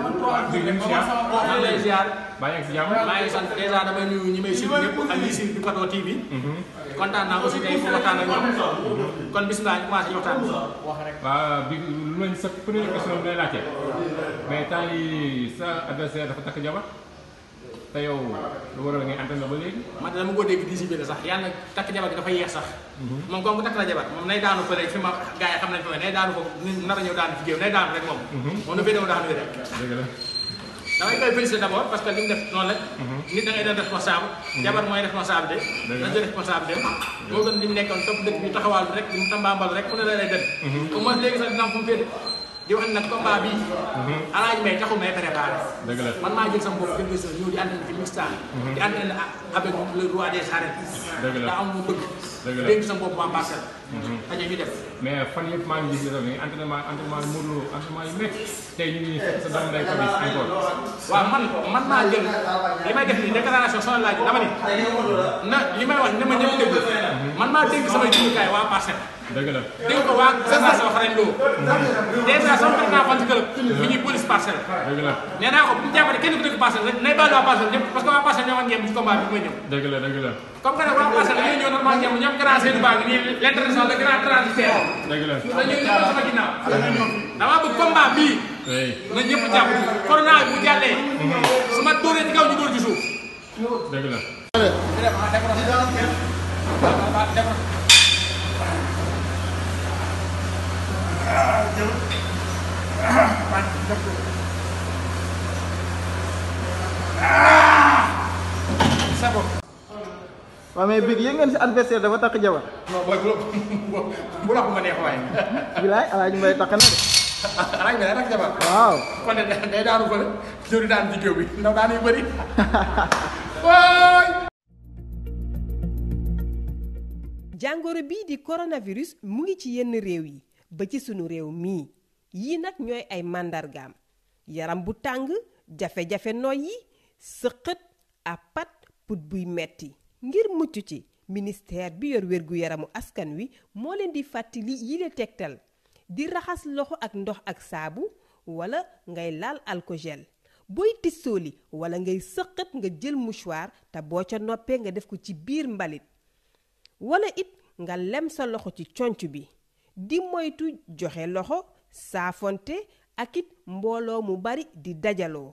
maa ngi lay ziar. maa ngi sant dèjà damay nuyu ñi may suivre ñëpp ak ñi suivre Picado TV. kontaan naa aussi tey waxtaan ak ñoom. kon bisimilah ñu commencé waxtaan bi. waaw bi lu ma ñu sa première question bi lay laajte mais temps yi sa adversaire dafa takk jabar. te yow lu waral ngay antenne ba léegi. man dama ko dégg disibile sax yàlla takk jabar bi dafa yeex sax. Mhm. moom comme takk la jabar moom nay daanu fële fi ma gars yi xam nañ fa nay daanu ko nar a ñëw daanu fi géew mhm. def noonu la. Mhm. nit da ngay doon responsable. jabar moo gën li mu nekkoon topp dëkk bi taxawal rek rek ku ne la lay def. au moins léegi sax dina fu mu féete. di wax nag combat bi mhm. alaaj may taxu may préparé man maa jël sama bopp jël sama ñëw di entraîné fi Mixta mhm. di entraîné avec le roi des arènes daa am mu bëgg dégg sa bopp waa Parcelles. dañu ñu def. mais fan yëpp maa ngi gis ne tamit entraînement entraînement yu mënul entraînement yu métti tey ñu ngi sa doomu day ko gis encore. waaw man man maa jël li may def nii déclaration sonal laaj dama ni na li may wax ni ma ñëw dégg mhm. man maa dégg samay jumtukaay waa Parcelles. dëgg la dégg ko waa sensation xarañ loo. dèjà sama président fan si club mi ngi police Parcelles. la la la comme que nag waa parcelle ñoo ñëw normalement ñoom ñoom grand seen baa ngi nii l'international le grand transitaire. dëgg la dañoo ñëw sama ginnaaw. dama bëgg combat bii. na ñëpp jàpp corona bu jàllee. su ma ci kaw ñu dóor ci suuf. dëgg la. Ah! waaw mais biig ngeen kan si adversaire dafa tak jabar. non boy bu bu la ko ma neex waaye. bilaay Alaaji Mbay takk na de. Alaaji Mbay takk jabar. waaw kon de day daanu ko jori daan ci bi ndaw daan yu bëri. waay. jàngoro di coronavirus mu ngi ci yenn réew yi ba ci sunu réew mi yi nak ñoy ay mandargam, yaram bu tang jafé jafé noy yi sëqët a pat put buy metti ngir mucc ci ministère bi yor wérgu yaramu askan wi moo leen di fàttali yile tegtal di raxas loxo ak ndox ak saabu wala ngay laal alkogel booy tissooli wala ngay sëqat nga jël mouchoir te boo ca noppee nga def ko ci biir mbalit wala it nga lem sa loxo ci conc bi di moytu joxe loxo saafonte ak it mbooloo mu bari di dajaloo